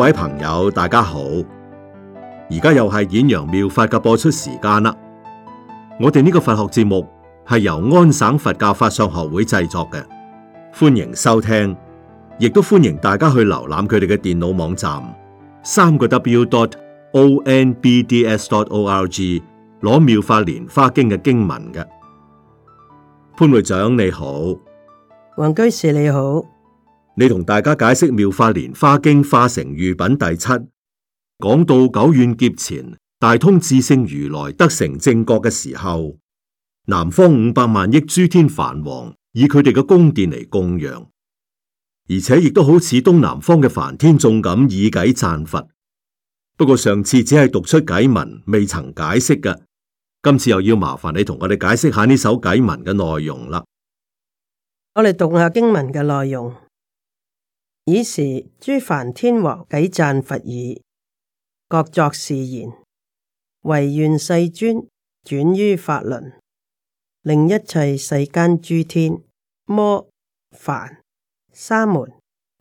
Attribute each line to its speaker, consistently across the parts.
Speaker 1: 各位朋友，大家好！而家又係演揚妙法嘅播出時間啦。我哋呢個佛學節目係由安省佛教法相學會製作嘅，歡迎收聽，亦都歡迎大家去瀏覽佢哋嘅電腦網站三個 W dot O N B D S dot O R G 攞妙法蓮花經嘅經文嘅。潘會長你好，
Speaker 2: 黃居士你好。
Speaker 1: 你同大家解釋《妙法蓮華經》化城喻品第七，講到久遠劫前大通智勝如來得成正覺嘅時候，南方五百萬億諸天梵王以佢哋嘅宮殿嚟供養，而且亦都好似東南方嘅梵天眾咁以偈讚佛。不過上次只係讀出偈文，未曾解釋嘅，今次又要麻煩你同我哋解釋下呢首偈文嘅內容啦。
Speaker 2: 我哋讀下經文嘅內容。以時諸梵天王偈讚佛已，各作是言：唯願世尊轉於法輪，令一切世間諸天、魔、梵、沙門、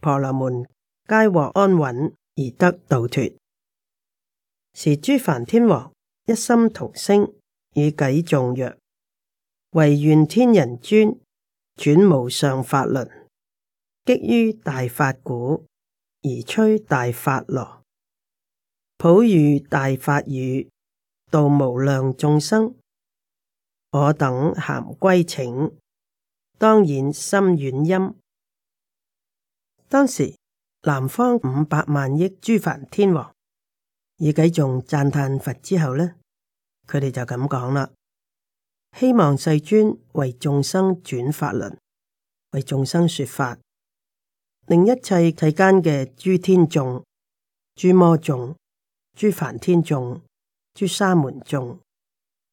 Speaker 2: 婆羅門皆獲安穩而得度脫。是諸梵天王一心同聲以偈頌曰：唯願天人尊轉無上法輪。擊于大法鼓而吹大法螺，普雨大法雨，度無量眾生。我等咸歸請，當演深遠音。當時南方五百萬億諸梵天王以偈頌讚歎佛之後呢，佢哋就咁講啦，希望世尊為眾生轉法輪，為眾生說法。令一切世間嘅諸天眾、諸魔眾、諸梵天眾、諸沙門眾，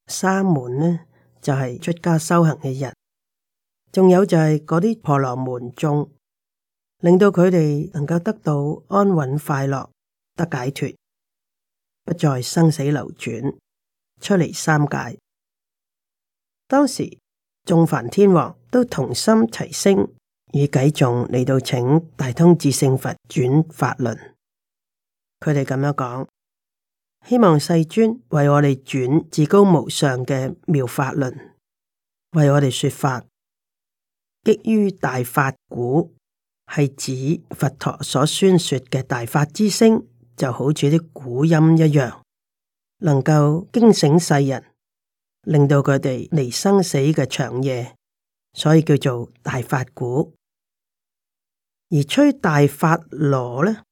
Speaker 2: 沙門呢就係出家修行嘅人，仲有就係嗰啲婆羅門眾，令到佢哋能夠得到安穩快樂，得解脫，不再生死流轉出嚟三界。當時眾梵天王都同心齊聲。以偈頌嚟到請大通智勝佛轉法輪，佢哋咁樣講，希望世尊為我哋轉至高無上嘅妙法輪，為我哋說法。激于大法鼓，係指佛陀所宣說嘅大法之聲，就好似啲鼓音一樣，能夠驚醒世人，令到佢哋離生死嘅長夜，所以叫做大法鼓。而吹大法螺呢，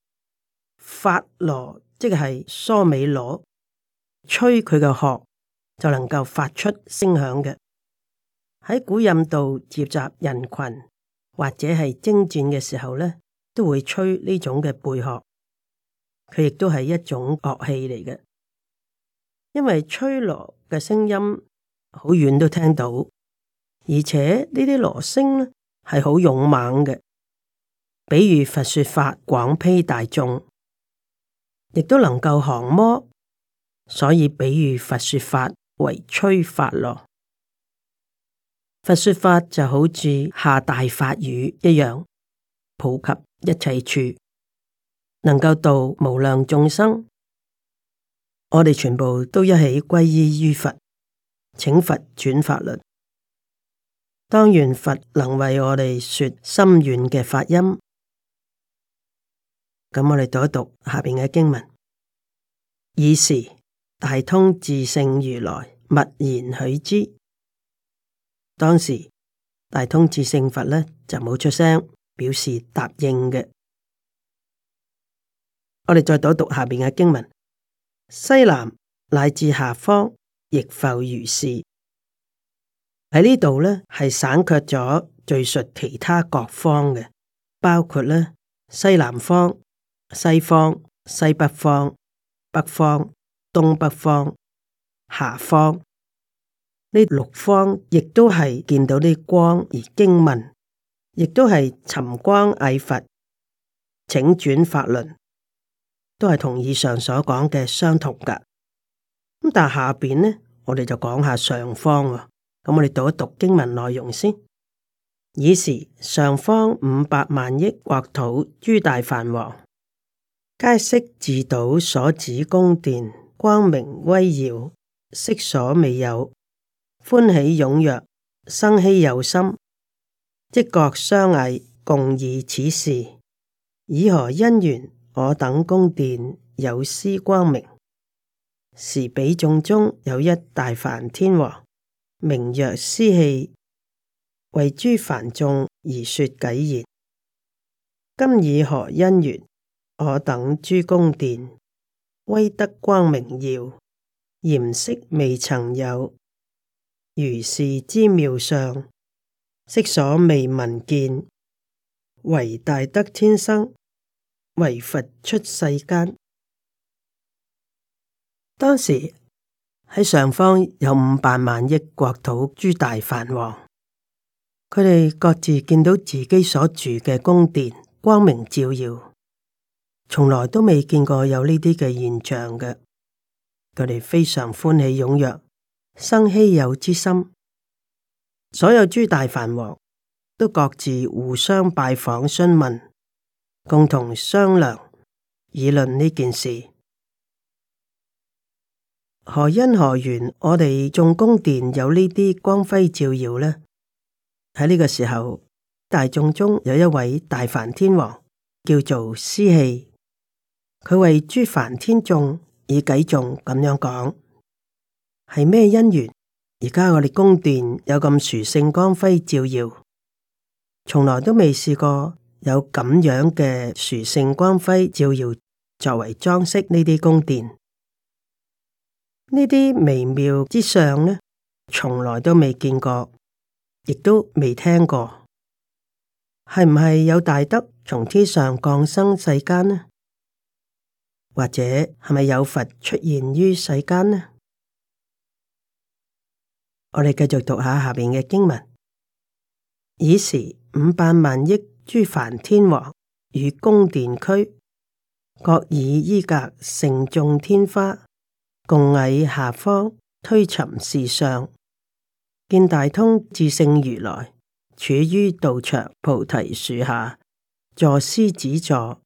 Speaker 2: 法螺即係梳尾螺，吹佢嘅殼就能夠發出聲響嘅。喺古印度召集人群或者係征戰嘅時候呢，都會吹呢種嘅貝殼。佢亦都係一種樂器嚟嘅，因為吹螺嘅聲音好遠都聽到，而且呢啲螺聲呢，係好勇猛嘅。比如佛說法廣披大眾，亦都能夠降魔。所以比喻佛說法為吹法螺。佛說法就好似下大法雨一樣，普及一切處，能夠度無量眾生。我哋全部都一起歸依於佛，請佛轉法輪。當然，佛能為我哋說深遠嘅法音。咁我哋讀一讀下邊嘅經文。以時大通智勝如來勿言許之。當時大通智勝佛咧就冇出聲，表示答應嘅。我哋再讀一讀下邊嘅經文。西南乃至下方亦復如是。喺呢度咧係省卻咗敘述其他各方嘅，包括咧西南方。西方、西北方、北方、東北方、下方，呢六方亦都係見到啲光。而經文，亦都係尋光禮佛，請轉法輪，都係同以上所講嘅相同㗎。咁但係下邊呢，我哋就講下上方啊、哦。咁我哋讀一讀經文內容先。以時上方五百萬億國土諸大梵王。皆悉自覩所止宮殿光明威耀，昔所未有歡喜踴躍生希有心，即各相詣共議此事，以何因緣我等宮殿有斯光明？時彼眾中有一大梵天王名曰尸棄，為諸梵眾而說偈言：今以何因緣？我等諸宮殿威德光明耀，嚴飾未曾有。如是之妙相，昔所未聞見。為大德天生，為佛出世間。當時喺上方有五百萬億國土，諸大梵王，佢哋各自見到自己所住嘅宮殿，光明照耀。從來都未見過有呢啲嘅現象嘅，佢哋非常歡喜踊躍，生稀有之心。所有諸大梵王都各自互相拜訪詢問，共同商量議論呢件事。何因何緣，我哋眾宮殿有呢啲光輝照耀呢？喺呢個時候，大眾中有一位大梵天王叫做尸棄。佢為諸梵天眾而偈頌咁樣講，係咩因緣？而家我哋宮殿有咁殊勝光輝照耀，從來都未試過有咁樣嘅殊勝光輝照耀，作為裝飾呢啲宮殿。呢啲微妙之相呢，從來都未見過，亦都未聽過，係唔係有大德從天上降生世間呢？或者係咪有佛出現於世間呢？我哋繼續讀下下邊嘅經文。爾時五百萬億諸梵天王與宮殿俱，各以衣裓，盛眾天花，共詣下方推尋是相，見大通智勝如來處於道場菩提樹下，坐獅子座，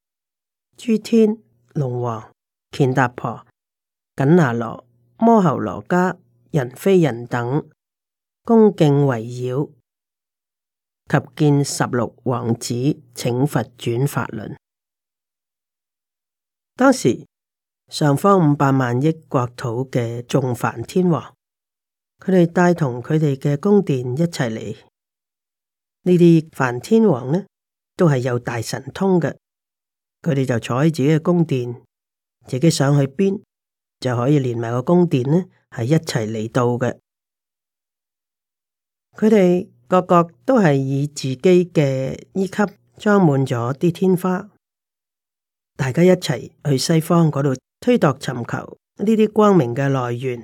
Speaker 2: 諸天。龍王、乾達婆、緊拿羅、摩侯羅家、人非人等恭敬圍繞，及見十六王子，請佛轉法輪。當時上方五百萬億國土嘅眾梵天王，佢哋帶同佢哋嘅宮殿一齊嚟。呢啲梵天王呢，都係有大神通嘅。佢哋就坐喺自己嘅宮殿，自己想去邊就可以連埋個宮殿呢，係一齊嚟到嘅。佢哋個個都係以自己嘅衣裓裝滿咗啲天花，大家一齊去西方嗰度推度尋求呢啲光明嘅來源。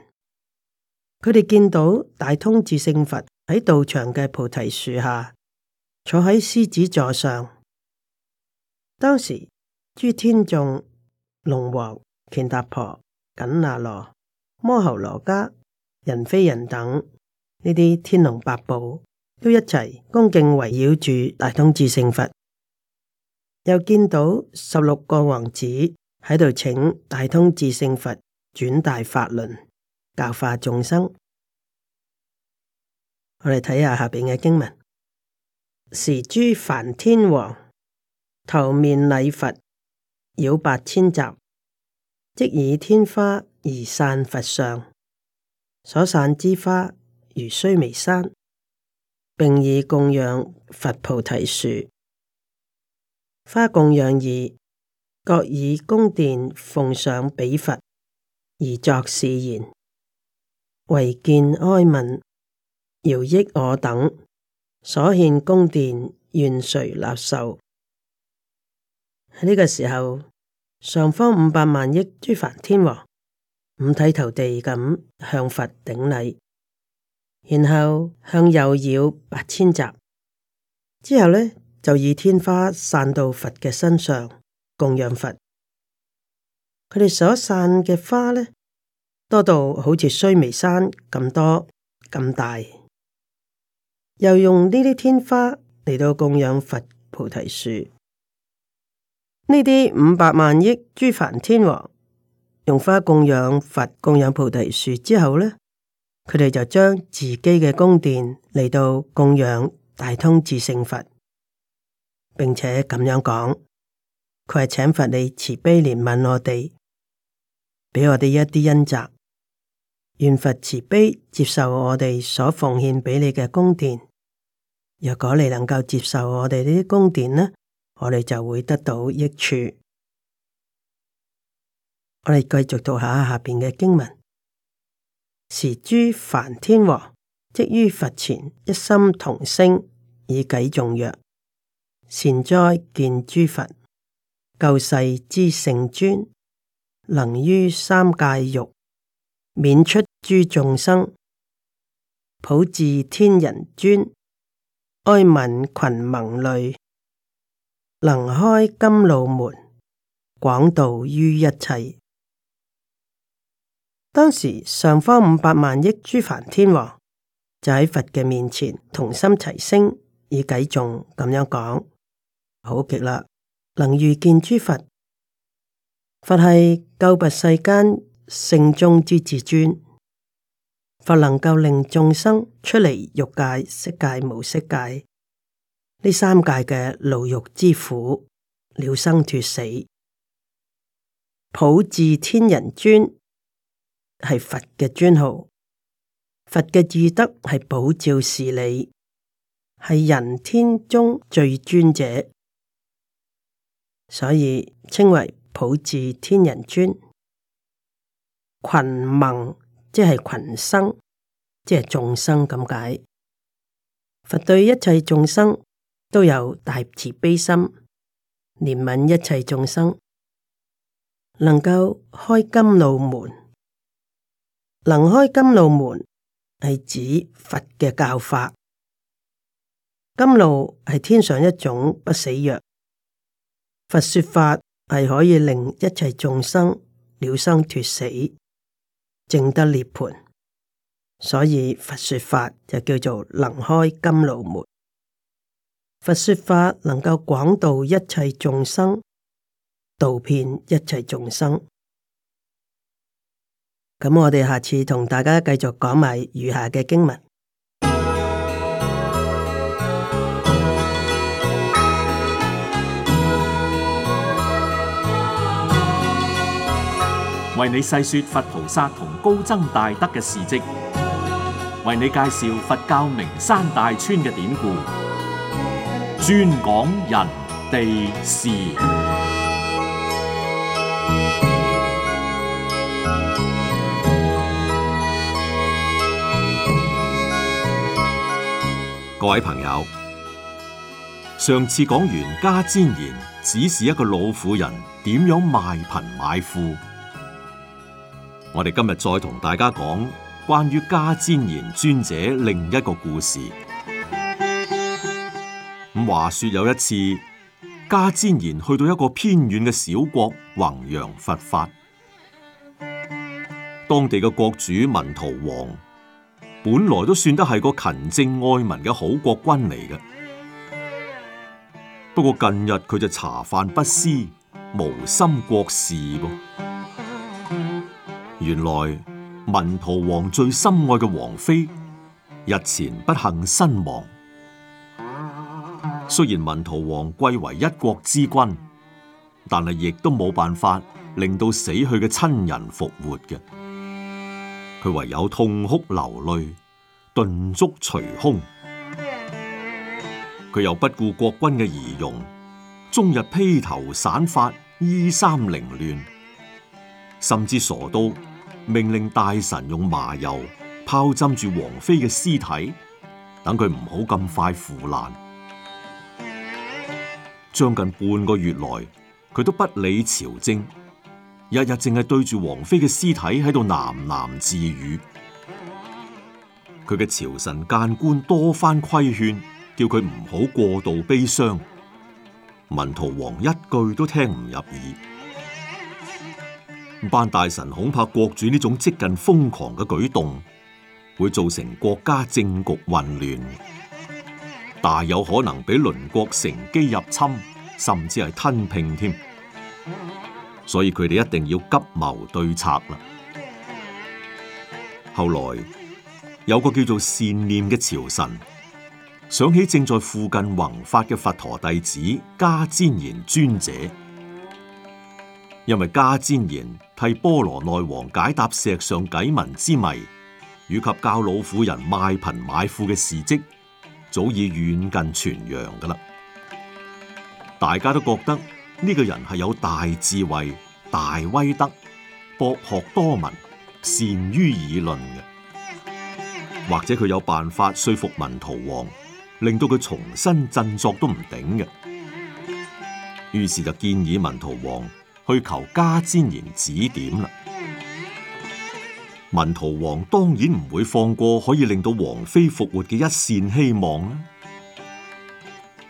Speaker 2: 佢哋見到大通智勝佛喺道場嘅菩提樹下坐喺獅子座上，當時。諸天眾、龍王、乾達婆、緊那羅、摩睺羅伽、人非人等，呢啲天龍八部都一齊恭敬圍繞住大通智勝佛，又見到十六個王子喺度請大通智勝佛轉大法輪教化眾生。我哋睇下下邊嘅經文，時諸梵天王頭面禮佛。有八千集，即以天花而散佛上，所散之花如須彌山，並以供養佛菩提樹。花供養已，各以宮殿奉上彼佛，而作是言：唯見哀憫，饒益我等，所獻宮殿願垂納受。喺呢個時候，上方五百萬億諸梵天王五體投地咁向佛頂禮，然後向右繞八千匝。之後咧，就以天花散到佛嘅身上供養佛。佢哋所散嘅花咧，多到好似須彌山咁多咁大，又用呢啲天花嚟到供養佛菩提樹。呢啲五百萬億諸梵天王用花供養佛，供養菩提樹之後呢，佢哋就將自己嘅宮殿嚟到供養大通智勝佛，並且咁樣講：佢係請佛你慈悲憐憫我哋，俾我哋一啲恩澤。願佛慈悲接受我哋所奉獻俾你嘅宮殿。若果你能夠接受我哋呢啲宮殿呢？我哋就會得到益處。我哋繼續讀下下邊嘅經文：時諸梵天王即於佛前一心同聲以偈頌曰：善哉見諸佛，救世之聖尊，能於三界獄免出諸眾生，普智天人尊，哀憫群萌類。能開甘露門，廣度於一切。當時上方五百萬億諸梵天王就喺佛嘅面前同心齊聲以偈頌咁樣講：好極啦，能遇見諸佛，佛係救拔世間聖中之至尊，佛能夠令眾生出離欲界、色界、無色界。呢三界嘅牢獄之苦，了生脫死，普智天人尊係佛嘅尊號。佛嘅智德係普照事理，係人天中最尊者，所以稱為普智天人尊。群萌即係群生，即係眾生咁解。佛對一切眾生。都有大慈悲心，憐憫一切眾生，能夠開甘路門。能開甘路門係指佛嘅教法。甘路係天上一種不死藥，佛說法係可以令一切眾生了生脫死，淨得涅槃。所以佛說法就叫做能開甘路門。佛說法能夠廣度一切眾生，度遍一切眾生。咁我哋下次同大家繼續講埋餘下嘅經文，
Speaker 1: 為你細說佛菩薩同高僧大德嘅事跡，為你介紹佛教名山大川嘅典故。專講人哋事，各位朋友，上次講完迦旃延只是一個老婦人，點樣賣貧買富？我哋今日再同大家講關於迦旃延尊者另一個故事。話說有一次，迦旃延去到一個偏遠嘅小國弘揚佛法，當地嘅國主文荼王，本來都算得係個勤政愛民嘅好國君嚟嘅。不過近日佢就茶飯不思，無心國事，原來文荼王最深愛嘅王妃，日前不幸身亡。雖然文荼王貴為一國之君，但係亦都冇辦法令到死去嘅親人復活嘅。佢唯有痛哭流淚，頓足捶胸。佢又不顧國君嘅儀容，終日披頭散髮、衣衫凌亂，甚至傻到命令大臣用麻油泡浸住王妃嘅屍體，等佢唔好咁快腐爛。將近半個月來，佢都不理朝政，日日淨係對住王妃嘅屍體喺度喃喃自語。佢嘅朝臣諫官多番規勸，叫佢唔好過度悲傷。文荼王一句都聽唔入耳，班大臣恐怕國主呢種跡近瘋狂嘅舉動，會造成國家政局混亂。大有可能俾鄰國乘機入侵，甚至係吞併添，所以佢哋一定要急謀對策啦。後來有個叫做善念嘅朝臣，想起正在附近弘法嘅佛陀弟子迦旃延尊者，因為迦旃延替波羅內王解答石上偈文之謎，以及教老婦人賣貧買富嘅事迹。早已遠近傳揚噶啦，大家都覺得呢、這個人係有大智慧、大威德、博學多聞、善於議論嘅，或者佢有辦法說服文荼王，令到佢重新振作都唔頂嘅。於是就建議文荼王去求迦旃延指點啦。文荼王當然唔會放過可以令到王妃復活嘅一線希望啦！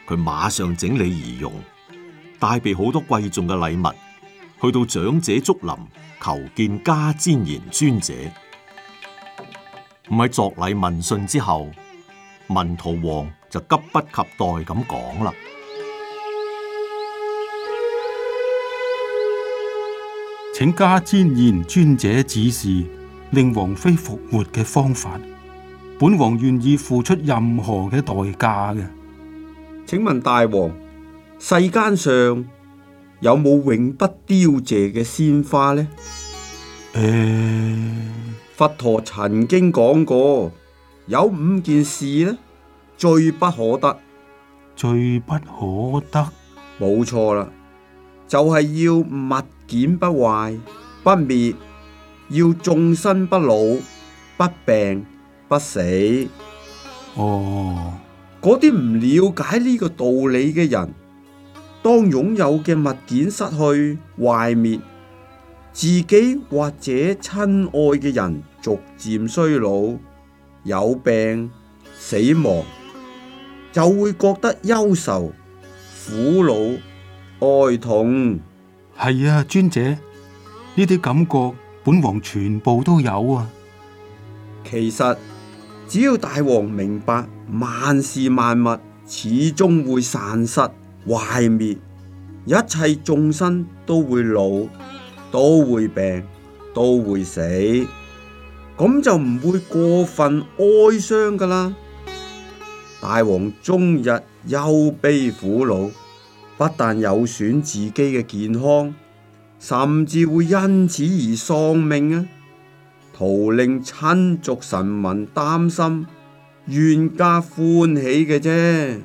Speaker 1: 佢馬上整理儀容，帶備好多貴重嘅禮物，去到長者竹林求見迦旃延尊者。唔係作禮問訊之後，文荼王就急不及待咁講啦：
Speaker 3: 請迦旃延尊者指示。令王妃復活嘅方法，本王願意付出任何嘅代價嘅。請問大王，世間上有冇永不凋謝嘅鮮花呢？誒，佛陀曾經講過，有五件事呢，最不可得，最不可得，冇錯啦，就係要物件不壞不滅。要眾生不老不病不死。哦，嗰啲唔了解呢個道理嘅人，當擁有嘅物件失去、壞滅，自己或者親愛嘅人逐漸衰老、有病、死亡，就會覺得憂愁、苦惱、哀痛。係啊，尊者，呢啲感覺。本王全部都有啊！其實只要大王明白，萬事萬物始終會散失、壞滅，一切眾生都會老、都會病、都會死，咁就唔會過分哀傷噶啦。大王終日憂悲苦惱，不但有損自己嘅健康。甚至會因此而喪命啊！徒令親族臣民擔心，怨家歡喜嘅啫。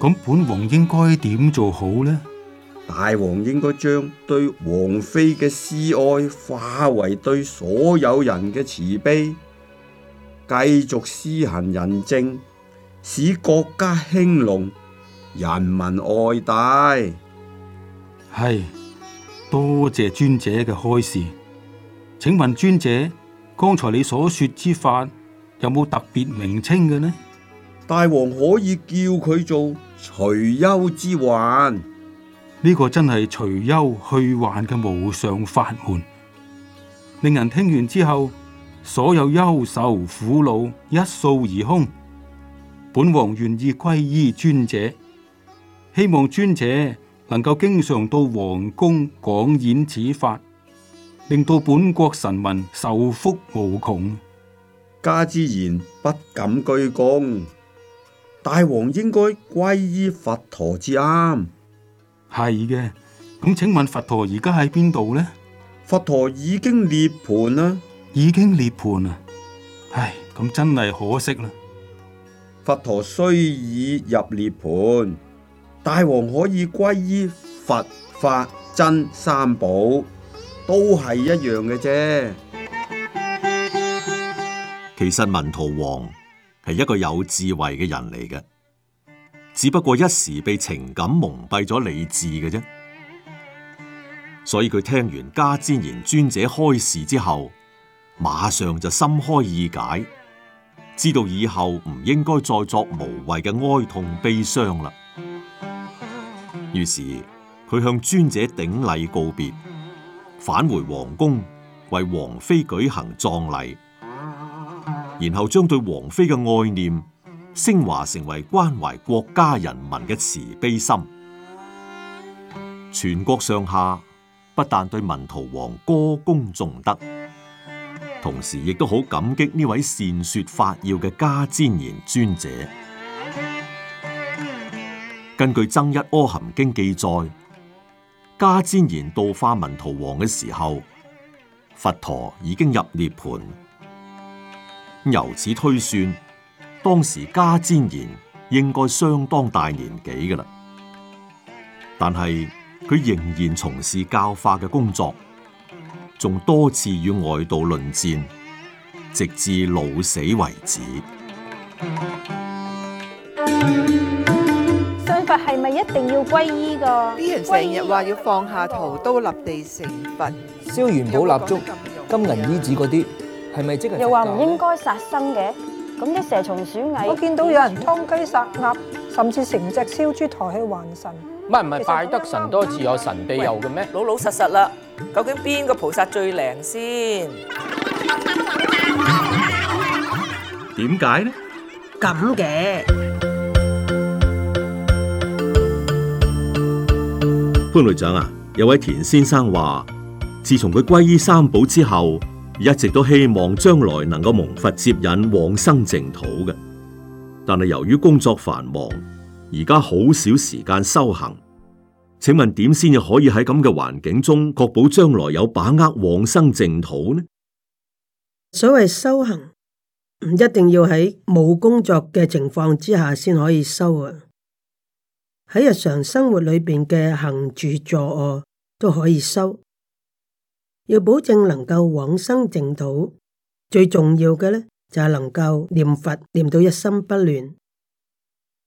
Speaker 3: 咁本王應該點做好呢？大王應該將對王妃嘅私愛化為對所有人嘅慈悲，繼續施行仁政，使國家興隆，人民愛戴。係。多謝尊者嘅開示，請問尊者，剛才你所說之法有冇特別名稱嘅呢？大王可以叫佢做除憂之患，呢個真係除憂去患嘅無上法門，令人聽完之後，所有憂愁苦惱一掃而空。本王願意皈依尊者，希望尊者。能夠經常到皇宮講演此法，令到本國臣民受福無窮。迦旃延不敢居功，大王應該歸依佛陀至啱。係嘅，咁請問佛陀而家喺邊度呢？佛陀已經涅槃啦，已經涅槃啦。唉，咁真係可惜啦。佛陀雖已入涅槃。大王可以皈依佛法真三寶，都係一樣嘅啫。
Speaker 1: 其實文荼王係一個有智慧嘅人嚟嘅，只不過一時被情感蒙蔽咗理智嘅啫。所以佢聽完迦旃延尊者開示之後，馬上就心開意解，知道以後唔應該再作無謂嘅哀痛悲傷啦。於是，佢向尊者頂禮告別，返回皇宮為王妃舉行葬禮，然後將對王妃嘅愛念升華成為關懷國家人民嘅慈悲心。全國上下不但對文荼王歌功頌德，同時亦都好感激呢位善說法要嘅迦旃延尊者。根據《增一阿含經》記載，迦旃延度化文荼王嘅時候，佛陀已經入涅槃。由此推算，當時迦旃延應該相當大年紀㗎喇。但係佢仍然從事教化嘅工作，仲多次與外道論戰，直至老死為止。
Speaker 3: 佛係咪一定要皈依噶？啲人成日話要放下屠刀立地成佛，燒元寶、蠟燭、金
Speaker 1: 銀衣紙嗰啲，係咪即係？又話唔
Speaker 2: 應該殺生嘅，咁啲蛇蟲鼠蟻，我見到有人劏雞殺鴨，甚至成隻燒豬抬去還神。
Speaker 1: 唔係唔係，拜得神多自有神庇佑嘅咩？老老實實啦，究竟邊個菩薩最靈先？點解呢？
Speaker 2: 咁嘅。
Speaker 1: 張隊長啊，有位田先生話，自從佢皈依三寶之後，一直都希望將來能夠蒙佛接引往生淨土嘅。但係由於工作繁忙，而家好少時間修行。請問點先至可以喺咁嘅環境中確保將來有把握往生淨土呢？
Speaker 2: 所謂修行，唔一定要喺冇工作嘅情況之下先可以修啊。喺日常生活裏邊嘅行住坐臥都可以修，要保證能夠往生淨土。最重要嘅咧就係、是、能夠念佛念到一心不亂，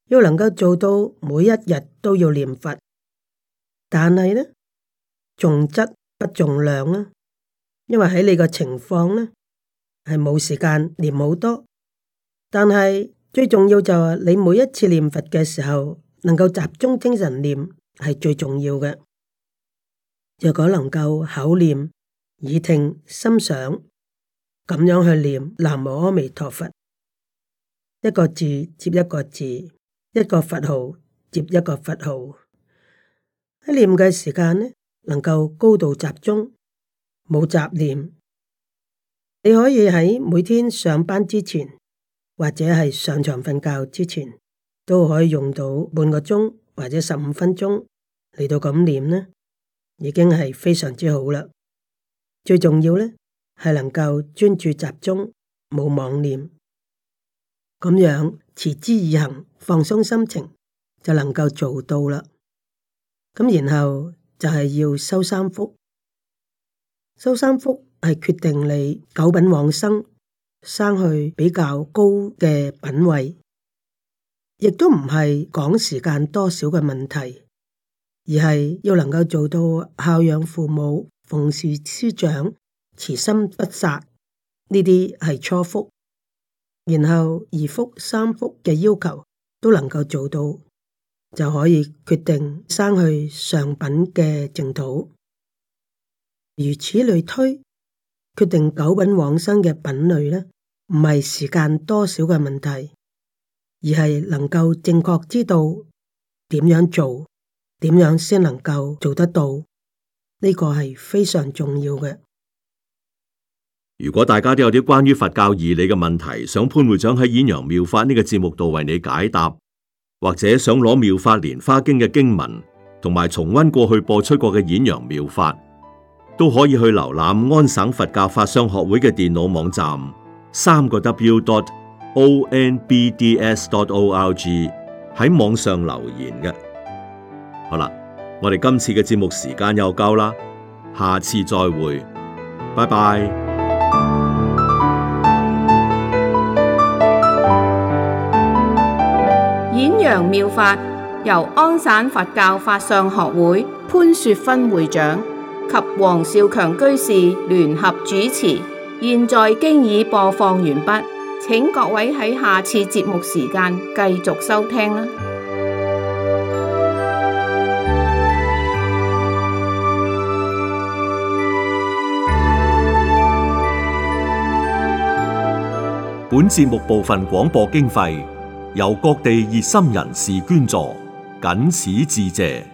Speaker 2: 要能夠做到每一日都要念佛。但係咧重質不重量啊，因為喺你個情況咧係冇時間念好多，但係最重要就係你每一次念佛嘅時候。能夠集中精神念係最重要嘅。若果能夠口念、耳聽、心想，咁樣去念南無阿彌陀佛，一個字接一個字，一個佛號接一個佛號。喺念嘅時間呢，能夠高度集中，冇雜念。你可以喺每天上班之前，或者係上床瞓覺之前。都可以用到半個鐘或者十五分鐘嚟到咁念呢，已經係非常之好啦。最重要呢，係能夠專注集中，冇妄念，咁樣持之以恒，放鬆心情就能夠做到啦。咁然後就係、是、要修三福，修三福係決定你九品往生生去比較高嘅品位。亦都唔係講時間多少嘅問題，而係要能夠做到孝養父母、奉事師長、慈心不殺。呢啲係初福，然後二福、三福嘅要求都能夠做到，就可以決定生去上品嘅淨土。如此類推，決定九品往生嘅品類呢，唔係時間多少嘅問題。而係能夠正確知道點樣做，點樣先能夠做得到，呢個係非常重要嘅。
Speaker 1: 如果大家都有啲關於佛教義理嘅問題，想潘會長喺演揚妙法呢個節目度為你解答，或者想攞妙法蓮花經嘅經文同埋重溫過去播出過嘅演揚妙法，都可以去瀏覽安省佛教法商學會嘅電腦網站，三個 w dot。o n b d s dot org 喺網上留言嘅。好啦，我哋今次嘅節目時間又夠啦，下次再會，拜拜。
Speaker 3: 演揚妙法由安省佛教法相學會潘雪芬會長及黃少強居士聯合主持，現在經已播放完畢。請各位喺下次節目時間繼續收聽啦。
Speaker 1: 本節目部分廣播經費由各地熱心人士捐助，謹此致謝。